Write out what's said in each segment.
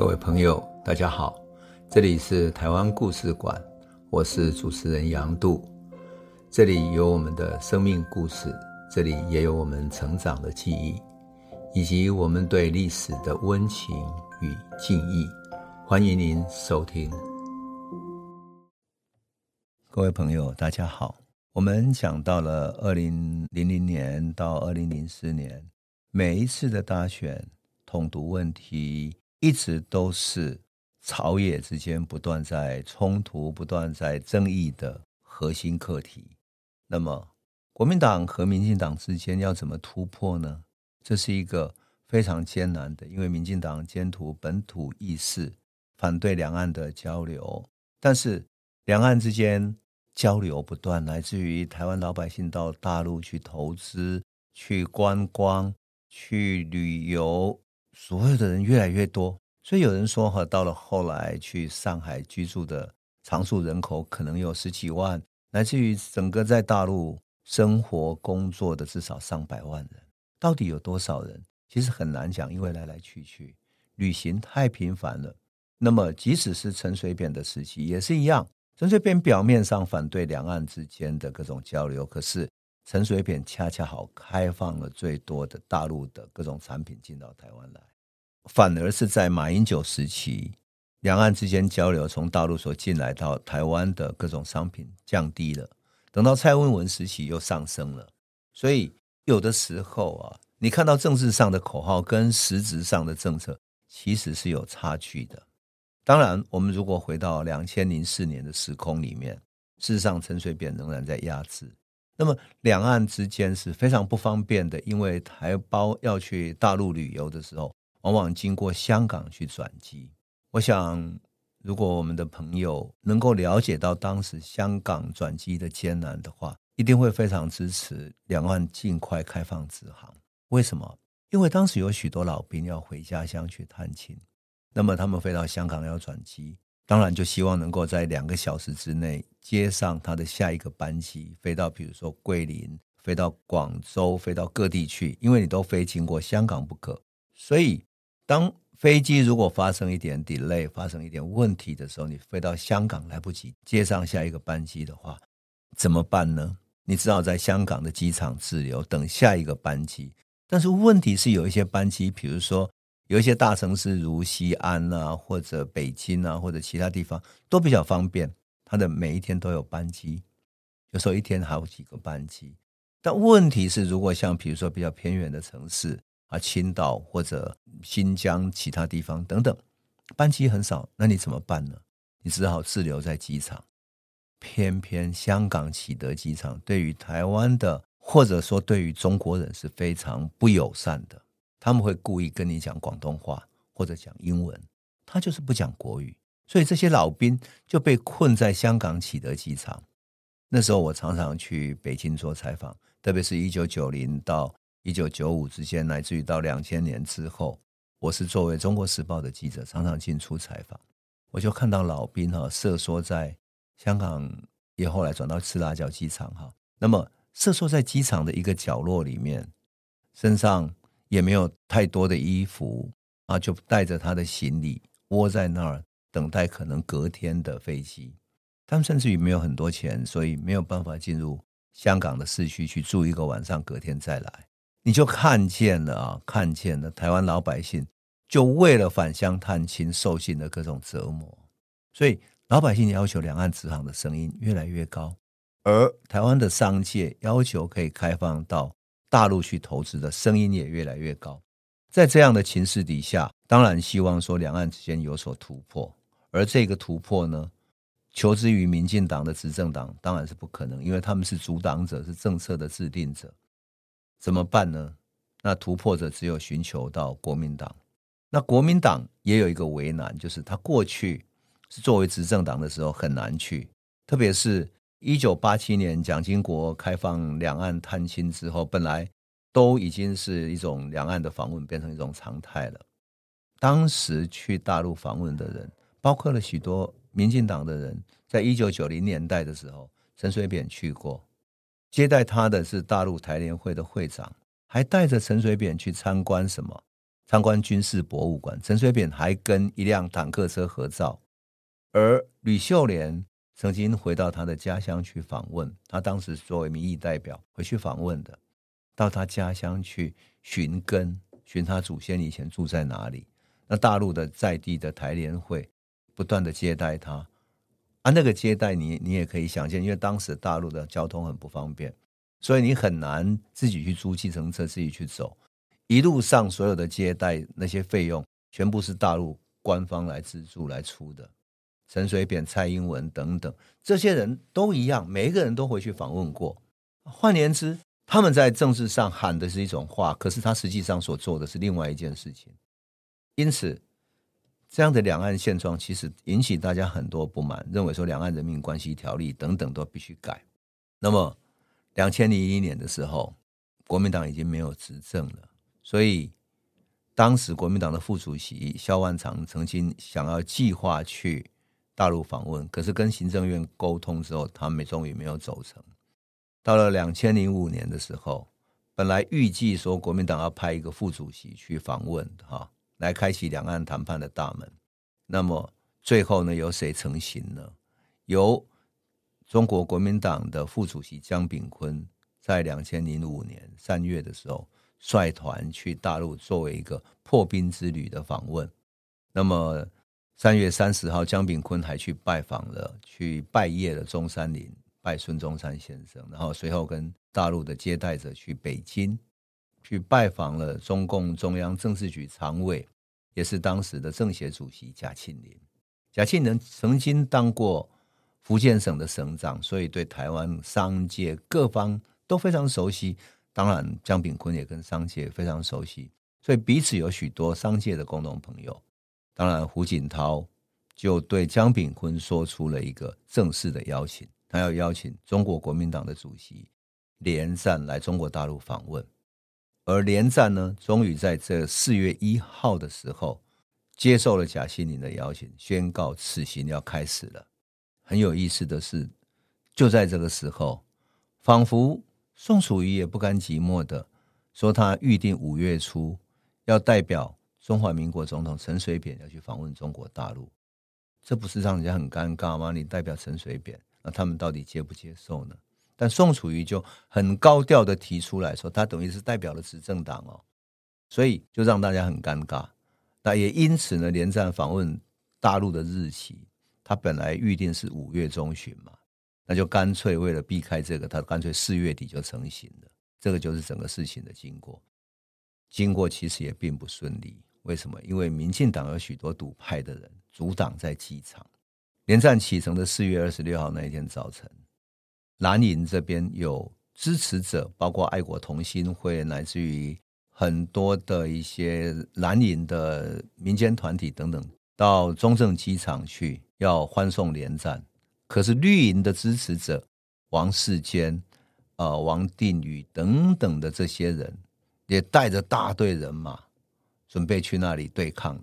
各位朋友，大家好，這裡是台灣故事館，我是主持人楊渡，這裡有我們的生命故事，這裡也有我們成長的記憶，以及我們對歷史的溫情與敬意。歡迎您收聽。各位朋友，大家好，我們講到了二零零零年到二零零四年，每一次的大選，統獨問題。一直都是朝野之間不斷在衝突、不斷在爭議的核心課題。那麼，國民黨和民進黨之間要怎麼突破呢？這是一個非常艱難的，因為民進黨堅持本土意識，反對兩岸的交流。但是，兩岸之間交流不斷，來自於台灣老百姓到大陸去投資、去觀光、去旅遊。所有的人越來越多，所以有人說哈，到了後來去上海居住的常住人口可能有十幾萬，來自於整個在大陸生活工作的至少上百萬人，到底有多少人？其實很難講，因為來來去去旅行太頻繁了。那麼，即使是陳水扁的時期也是一樣，陳水扁表面上反對兩岸之間的各種交流，可是陳水扁恰恰好開放了最多的大陸的各種產品進到台灣來。反而是在馬英九時期，兩岸之間交流從大陸所進來到台灣的各種商品降低了。等到蔡英文時期又上升了，所以有的時候啊，你看到政治上的口號跟實質上的政策，其實是有差距的。當然，我們如果回到兩千零四年的時空裡面，事實上陳水扁仍然在壓制，那麼兩岸之間是非常不方便的，因為台胞要去大陸旅遊的時候。往往經過香港去轉機。我想，如果我們的朋友能夠了解到當時香港轉機的艱難的話，一定會非常支持兩岸盡快開放直航。為什麼？因為當時有許多老兵要回家鄉去探親，那麼他們飛到香港要轉機，當然就希望能夠在兩個小時之內接上他的下一個班機，飛到比如說桂林、飛到廣州、飛到各地去，因為你都飛經過香港不可，所以。當飛機如果發生一點 delay、發生一點問題的時候，你飛到香港來不及接上下一個班機的話，怎麼辦呢？你只好在香港的機場滯留，等下一個班機。但是問題是，有一些班機，比如說有一些大城市，如西安啊，或者北京啊，或者其他地方，都比較方便，它的每一天都有班機，有時候一天好幾個班機。但問題是，如果像比如說比較偏遠的城市，啊，青島或者新疆其他地方等等，班機很少，那你怎麼辦呢？你只好滯留在機場。偏偏香港啟德機場對於台灣的，或者說對於中國人是非常不友善的，他們會故意跟你講廣東話或者講英文，他就是不講國語，所以這些老兵就被困在香港啟德機場。那時候我常常去北京做採訪，特別是一九九零到一九九五之間，乃至於到兩千年之後，我是作為《中國時報》的記者，常常進出採訪。我就看到老兵哈、啊、瑟縮在香港，也後來轉到赤鱲角機場哈。那麼瑟縮在機場的一個角落裡面，身上也沒有太多的衣服啊，就帶着他的行李窩在那兒等待可能隔天的飛機。他們甚至於沒有很多錢，所以沒有辦法進入香港的市區去住一個晚上，隔天再來。你就看見了啊，看見了台灣老百姓就為了返鄉探親受盡了各種折磨，所以老百姓要求兩岸直航的聲音越來越高，而台灣的商界要求可以開放到大陸去投資的聲音也越來越高。在這樣的情勢底下，當然希望說兩岸之間有所突破，而這個突破呢，求之於民進黨的執政黨當然是不可能，因為他們是阻擋者，是政策的制定者。怎麼辦呢？那突破者只有尋求到國民黨。那國民黨也有一個為難，就是他過去是作為執政黨的時候很難去，特別是一九八七年蔣經國開放兩岸探親之後，本來都已經是一種兩岸的訪問變成一種常態了。當時去大陸訪問的人，包括了許多民進黨的人，在一九九零年代的時候，陳水扁去過。接待他的是大陸台聯會的會長，還帶着陳水扁去參觀什麼？參觀軍事博物館。陳水扁還跟一輛坦克車合照。而呂秀蓮曾經回到他的家鄉去訪問，他當時作為民意代表回去訪問的，到他家鄉去尋根，尋他祖先以前住在哪裡。那大陸的在地的台聯會不斷的接待他。啊，那個接待你，你也可以想見，因為當時大陸的交通很不方便，所以你很難自己去租計程車自己去走。一路上所有的接待那些費用，全部是大陸官方來資助來出的。陳水扁、蔡英文等等這些人都一樣，每一個人都回去訪問過。換言之，他們在政治上喊的是一種話，可是他實際上所做的是另外一件事情。因此。這樣的兩岸現狀其實引起大家很多不滿，認為說兩岸人民關係條例等等都必須改。那麼，兩千零一年的時候，國民黨已經沒有執政了，所以當時國民黨的副主席蕭萬長曾經想要計劃去大陸訪問，可是跟行政院溝通之後，他們終於沒有走成。到了兩千零五年的時候，本來預計說國民黨要派一個副主席去訪問，哈。來開啟兩岸談判的大門，那麼最後呢，由誰成型呢？由中國國民黨的副主席江炳坤在兩千零五年三月的時候率團去大陸，作為一個破冰之旅的訪問。那麼三月三十號，江炳坤還去拜訪了、去拜謁了中山陵，拜孫中山先生，然後隨後跟大陸的接待者去北京。去拜訪了中共中央政治局常委，也是當時的政協主席賈慶林。賈慶林曾經當過福建省的省長，所以對台灣商界各方都非常熟悉。當然，江丙坤也跟商界非常熟悉，所以彼此有許多商界的共同朋友。當然，胡錦濤就對江丙坤說出了一個正式的邀請，他要邀請中國國民黨的主席連戰來中國大陸訪問。而連戰呢，終於在這四月一號的時候，接受了賈慶林的邀請，宣告此行要開始了。很有意思的是，就在這個時候，仿佛宋楚瑜也不甘寂寞的說，他預定五月初要代表中華民國總統陳水扁要去訪問中國大陸。這不是讓人家很尷尬嗎？你代表陳水扁，那他們到底接不接受呢？但宋楚瑜就很高調的提出來說，他等於是代表了執政黨哦，所以就讓大家很尷尬。但也因此呢，連戰訪問大陸的日期，他本來預定是五月中旬嘛，那就乾脆為了避開這個，他乾脆四月底就成型行了。這個就是整個事情的經過，經過其實也並不順利。為什麼？因為民進黨有許多獨派的人阻擋在機場。連戰啟程的四月二十六號那一天早晨。藍營這邊有支持者，包括愛國同心會，乃至於很多的一些藍營的民間團體等等，到中正機場去要歡送連戰。可是綠營的支持者王世堅、呃王定宇等等的這些人，也帶着大隊人馬準備去那裡對抗了。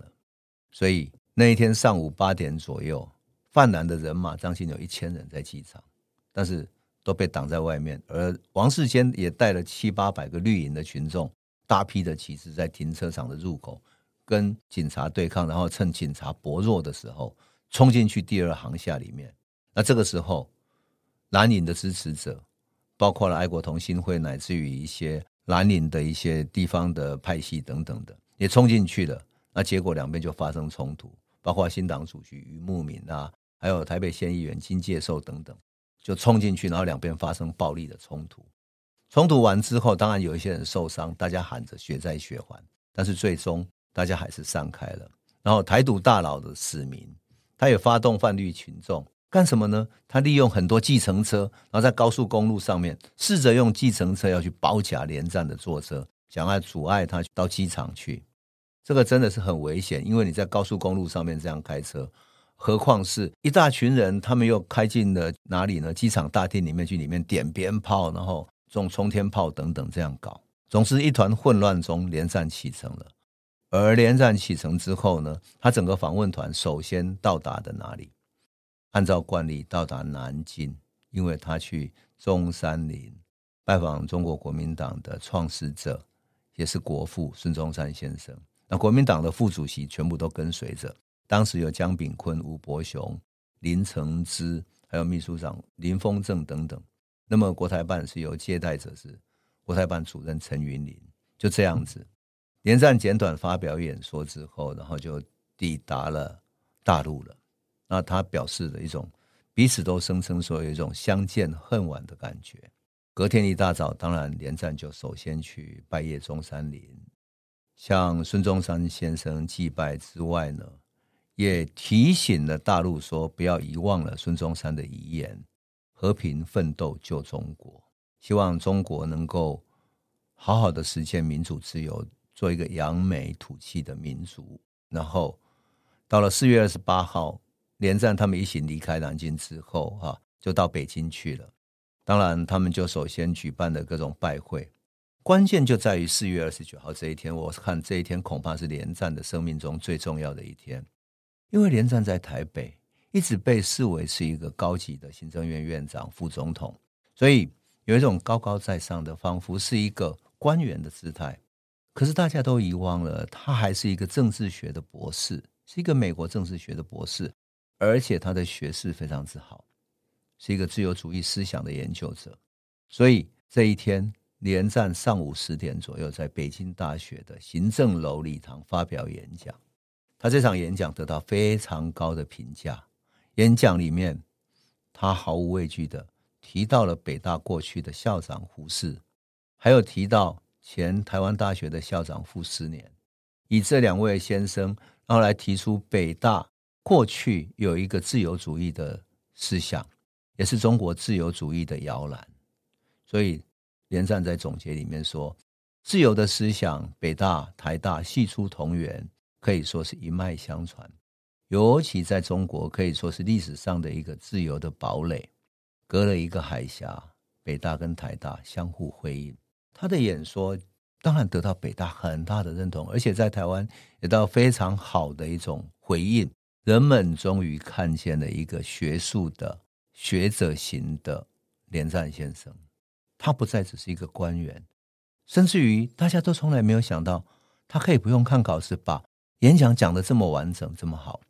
所以那一天上午八點左右，泛藍的人馬將近有一千人在機場，但是。都被擋在外面，而王世堅也帶了七八百個綠營的群眾，大批的騎士在停車場的入口跟警察對抗，然後趁警察薄弱的時候衝進去第二航廈裡面。那這個時候，藍營的支持者，包括了愛國同心會，乃至於一些藍營的一些地方的派系等等的，也衝進去了。那結果兩邊就發生衝突，包括新黨主席郁慕明啊，還有台北縣議員金介壽等等。就衝進去，然後兩邊發生暴力的衝突。衝突完之後，當然有一些人受傷，大家喊着血債血還，但是最終大家還是散開了。然後台獨大佬的市民他也發動泛綠群眾幹什麼呢？他利用很多計程車，然後在高速公路上面，試着用計程車要去包夾連戰的坐車，想要阻礙他到機場去。這個真的是很危險，因爲你在高速公路上面這樣開車。何況是一大群人，他們又開進了哪裡呢？機場大廳裡面去，裡面點鞭炮，然後種沖天炮等等，這樣搞。總是一團混亂中，連戰啟程了。而連戰啟程之後呢，他整個訪問團首先到達的哪裡？按照慣例，到達南京，因為他去中山陵拜訪中國國民黨的創始者，也是國父孫中山先生。那國民黨的副主席全部都跟隨着。當時有江丙坤、吳伯雄、林承之，還有秘書長林豐正等等。那麼國台辦是由接待者是國台辦主任陳雲林，就這樣子，連戰簡短發表演說之後，然後就抵達了大陸了。那他表示了一種彼此都聲稱說有一種相見恨晚的感覺。隔天一大早，當然連戰就首先去拜謁中山陵。向孫中山先生祭拜之外呢，也提醒了大陸說，不要遺忘了孫中山的遺言：“和平奮鬥救中國。”希望中國能夠好好的實現民主自由，做一個揚眉吐氣的民族。然後到了四月二十八號，連戰他們一起離開南京之後，哈、啊，就到北京去了。當然，他們就首先舉辦了各種拜會。關鍵就在於四月二十九號這一天，我看這一天恐怕是連戰的生命中最重要的一天。因為連戰在台北一直被視為是一個高級的行政院院長、副總統，所以有一種高高在上的，仿佛是一個官員的姿態。可是大家都遺忘了，他還是一個政治學的博士，是一個美國政治學的博士，而且他的學識非常之好，是一個自由主義思想的研究者。所以這一天，連戰上午十點左右在北京大學的行政樓禮堂發表演講。他這場演講得到非常高的評價。演講裡面，他毫無畏懼的提到了北大過去的校長胡適，還有提到前台灣大學的校長傅斯年，以這兩位先生，然後來提出北大過去有一個自由主義的思想，也是中國自由主義的搖籃。所以連戰在總結裡面說：“自由的思想，北大、台大系出同源。”可以說是一脈相傳，尤其在中國，可以說是歷史上的一個自由的堡壘。隔了一個海峽，北大跟台大相互輝映。他的演說當然得到北大很大的認同，而且在台灣也得到非常好的一種回應。人們終於看見了一個學術的學者型的連戰先生，他不再只是一個官員，甚至於大家都從來沒有想到，他可以不用看稿子吧。演講講的這麼完整，這麼好。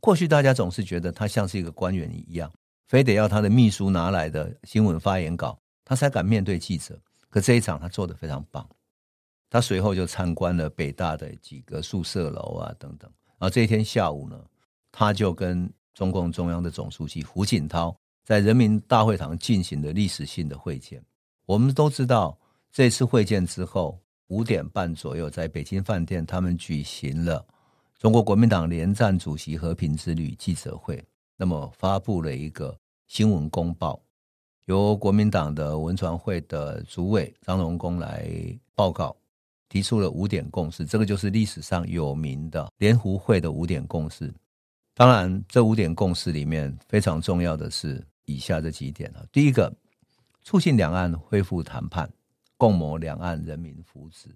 過去大家總是覺得他像是一個官員一樣，非得要他的秘書拿來的新聞發言稿，他才敢面對記者。可這一場他做得非常棒。他隨後就參觀了北大的幾個宿舍樓啊等等。然後這一天下午呢，他就跟中共中央的總書記胡錦濤在人民大會堂進行了歷史性的會見。我們都知道，這次會見之後五點半左右，在北京飯店他們舉行了。中國國民黨連戰主席和平之旅記者會，那麼發布了一個新聞公報，由國民黨的文傳會的主委張榮恭來報告，提出了五點共識，這個就是歷史上有名的連胡會的五點共識。當然，這五點共識裡面非常重要的是以下這幾點啊。第一個，促進兩岸恢復談判，共謀兩岸人民福祉。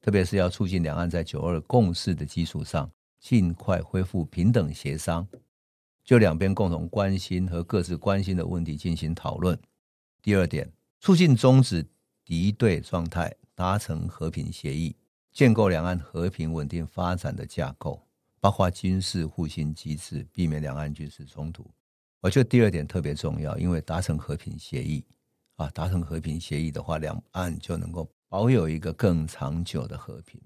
特別是要促進兩岸在“九二共識”的基礎上，儘快恢復平等協商，就兩邊共同關心和各自關心的問題進行討論。第二點，促進終止敵對狀態，達成和平協議，建構兩岸和平穩定發展的架構，包括軍事互信機制，避免兩岸軍事衝突。我覺得第二點特別重要，因為達成和平協議啊，達成和平協議的話，兩岸就能夠。保有一個更長久的和平。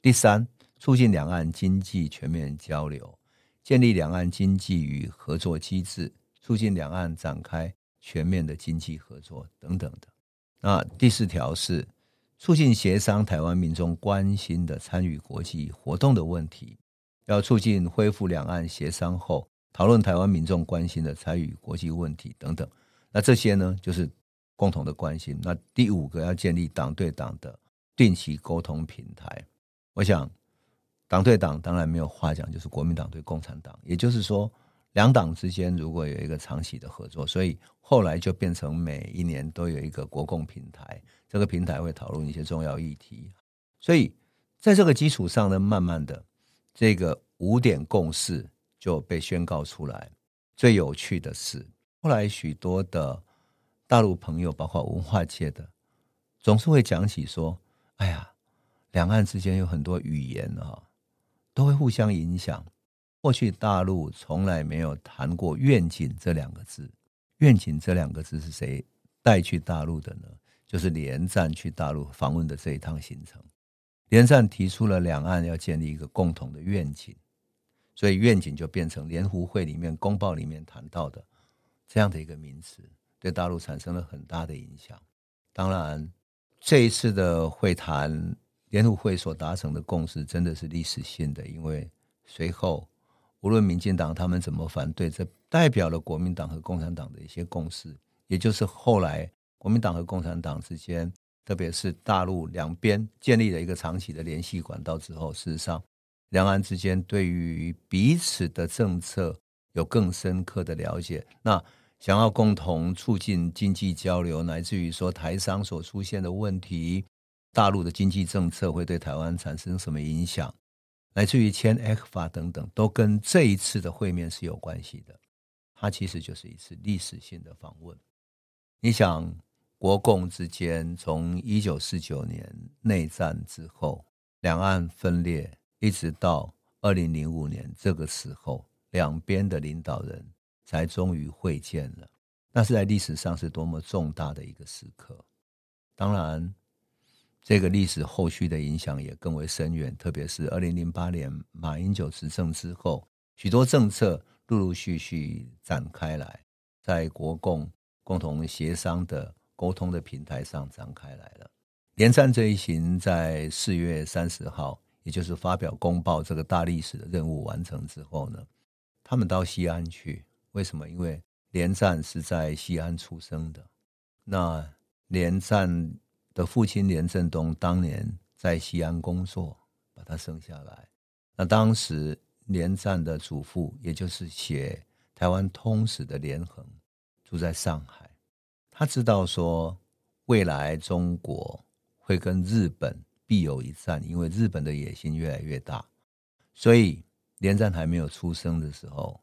第三，促進兩岸經濟全面交流，建立兩岸經濟與合作機制，促進兩岸展開全面的經濟合作等等的。那第四條是促進協商台灣民眾關心的參與國際活動的問題，要促進恢復兩岸協商後討論台灣民眾關心的參與國際問題等等。那這些呢，就是。共同的關心。那第五個要建立黨對黨的定期溝通平台。我想，黨對黨當然沒有話講，就是國民黨對共產黨，也就是說，兩黨之間如果有一個長期的合作，所以後來就變成每一年都有一個國共平台。這個平台會討論一些重要議題。所以在這個基礎上呢，慢慢的，這個五點共識就被宣告出來。最有趣的是，後來許多的。大陸朋友，包括文化界的，總是會講起說：“哎呀，兩岸之間有很多語言啊，都會互相影響。過去大陸從來沒有談過‘願景’這兩個字，‘願景’這兩個字是誰帶去大陸的呢？就是連戰去大陸訪問的這一趟行程。連戰提出了兩岸要建立一個共同的願景，所以‘願景’就變成連胡會裡面公報裡面談到的這樣的一個名詞。”對大陸產生了很大的影響。當然，這一次的會談、連胡會所達成的共識真的是歷史性的，因為隨後無論民進黨他們怎麼反對，這代表了國民黨和共產黨的一些共識。也就是後來國民黨和共產黨之間，特別是大陸兩邊建立了一個長期的聯繫管道之後，事實上，兩岸之間對於彼此的政策有更深刻的了解。那想要共同促進經濟交流，乃至於說台商所出現的問題，大陸的經濟政策會對台灣產生什麼影響？乃至於簽 ECFA 等等，都跟這一次的會面是有關係的。它其實就是一次歷史性的訪問。你想，國共之間從一九四九年內戰之後，兩岸分裂，一直到二零零五年這個時候，兩邊的領導人。才終於會見了，那是在歷史上是多麼重大的一個時刻。當然，這個歷史後續的影響也更為深遠，特別是二零零八年馬英九執政之後，許多政策陸陸續續展開來，在國共共同協商的溝通的平台上展開來了。連戰這一行在四月三十號，也就是發表公報這個大歷史的任務完成之後呢，他們到西安去。為什麼？因為連戰是在西安出生的，那連戰的父親連振東當年在西安工作，把他生下來。那當時連戰的祖父，也就是寫台灣通史的連橫，住在上海，他知道說未來中國會跟日本必有一戰，因為日本的野心越來越大，所以連戰還沒有出生的時候。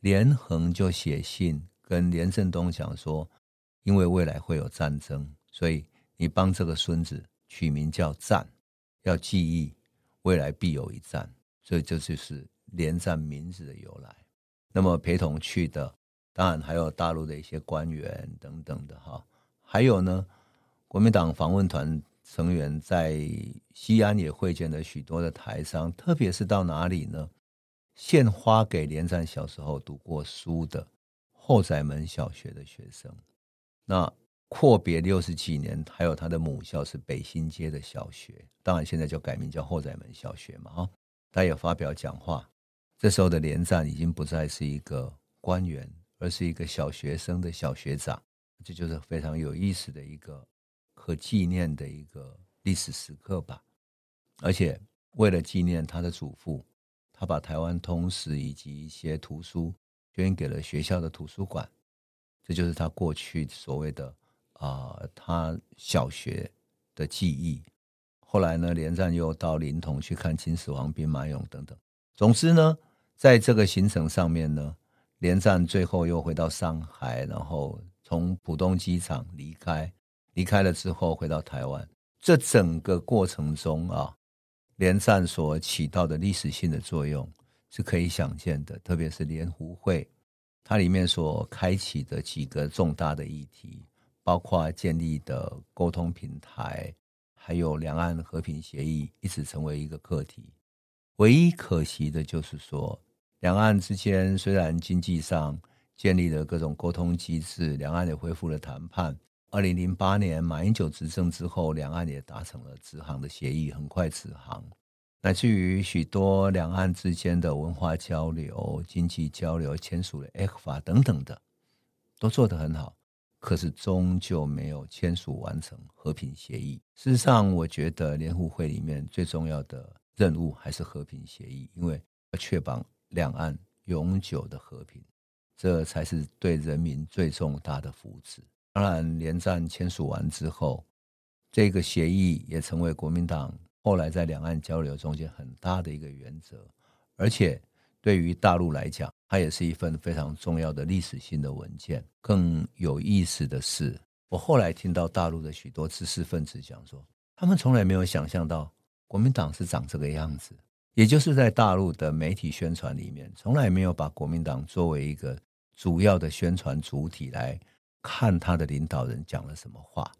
連橫就寫信跟連震東講說，因為未來會有戰爭，所以你幫這個孫子取名叫“戰”，要記憶未來必有一戰。所以這就是連戰名字的由來。那麼陪同去的，當然還有大陸的一些官員等等的哈。還有呢，國民黨訪問團成員在西安也會見了許多的台商，特別是到哪裡呢？獻花給連戰小時候讀過書的後宰門小學的學生，那闊別六十幾年，還有他的母校是北新街的小學，當然現在就改名叫後宰門小學嘛。哦、他有發表講話，這時候的連戰已經不再是一個官員，而是一個小學生的小學長，這就是非常有意思的一個可紀念的一個歷史時刻吧。而且為了紀念他的祖父。他把台灣通史以及一些圖書捐給了學校的圖書館，這就是他過去所謂的啊、呃，他小學的記憶。後來呢，連戰又到臨潼去看秦始皇兵馬俑等等。總之呢，在這個行程上面呢，連戰最後又回到上海，然後從浦東機場離開，離開了之後回到台灣。這整個過程中啊。連戰所起到的歷史性的作用是可以想見的，特別是聯胡會，它裡面所開啟的幾個重大的議題，包括建立的溝通平台，還有兩岸和平協議，一直成為一個課題。唯一可惜的就是說，兩岸之間雖然經濟上建立了各種溝通機制，兩岸也恢復了談判。二零零八年，馬英九執政之後，兩岸也達成了直航的協議，很快直航，乃至於許多兩岸之間的文化交流、經濟交流，簽署了 ECFA 等等的，都做得很好。可是終究沒有簽署完成和平協議。事實上，我覺得連胡會裡面最重要的任務還是和平協議，因為要確保兩岸永久的和平，這才是對人民最重大的福祉。當然，連戰簽署完之後，這個協議也成為國民黨後來在兩岸交流中間很大的一個原則，而且對於大陸來講，它也是一份非常重要的歷史性的文件。更有意思的是，我後來聽到大陸的許多知識分子講說，他們從來沒有想象到國民黨是長這個樣子，也就是在大陸的媒體宣傳裡面，從來沒有把國民黨作為一個主要的宣傳主體來。看他的領導人講了什麼話，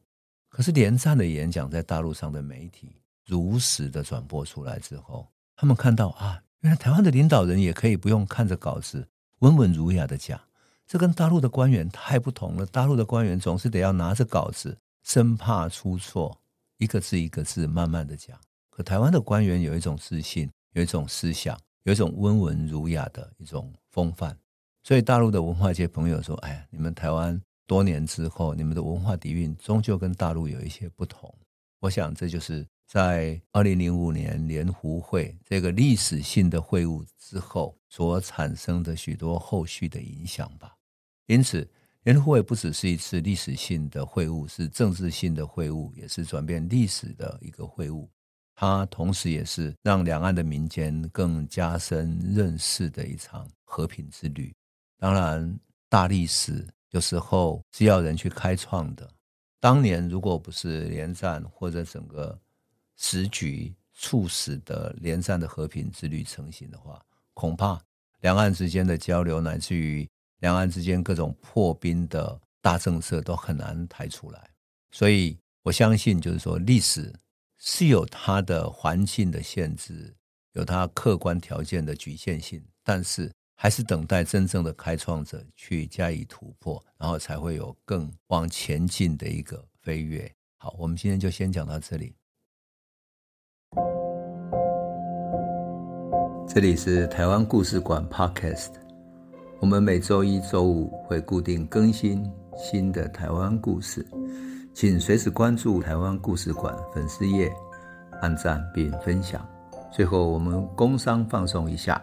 可是連戰的演講在大陸上的媒體如實的轉播出來之後，他們看到啊，原來台灣的領導人也可以不用看着稿子，溫文儒雅的講，這跟大陸的官員太不同了。大陸的官員總是得要拿着稿子，生怕出錯，一個字一個字慢慢的講。可台灣的官員有一種自信，有一種思想，有一種溫文儒雅的一種風範。所以大陸的文化界朋友說：“哎，你們台灣。”多年之後，你們的文化底蘊終究跟大陸有一些不同。我想，這就是在二零零五年連胡會這個歷史性的會晤之後所產生的許多後續的影響吧。因此，連胡會不只是一次歷史性的會晤，是政治性的會晤，也是轉變歷史的一個會晤。它同時也是讓兩岸的民間更加深認識的一場和平之旅。當然，大歷史。有時候是要人去開創的。當年如果不是連戰或者整個時局促使的連戰的和平之旅成型的話，恐怕兩岸之間的交流，乃至於兩岸之間各種破冰的大政策都很難抬出來。所以，我相信就是說，歷史是有它的環境的限制，有它客觀條件的局限性，但是。還是等待真正的開創者去加以突破，然後才會有更往前進的一個飛躍。好，我們今天就先講到這裡。這裡是台灣故事館 Podcast，我們每周一、周五會固定更新新的台灣故事，請隨時關注台灣故事館粉絲頁，按讚並分享。最後，我們工商放送一下。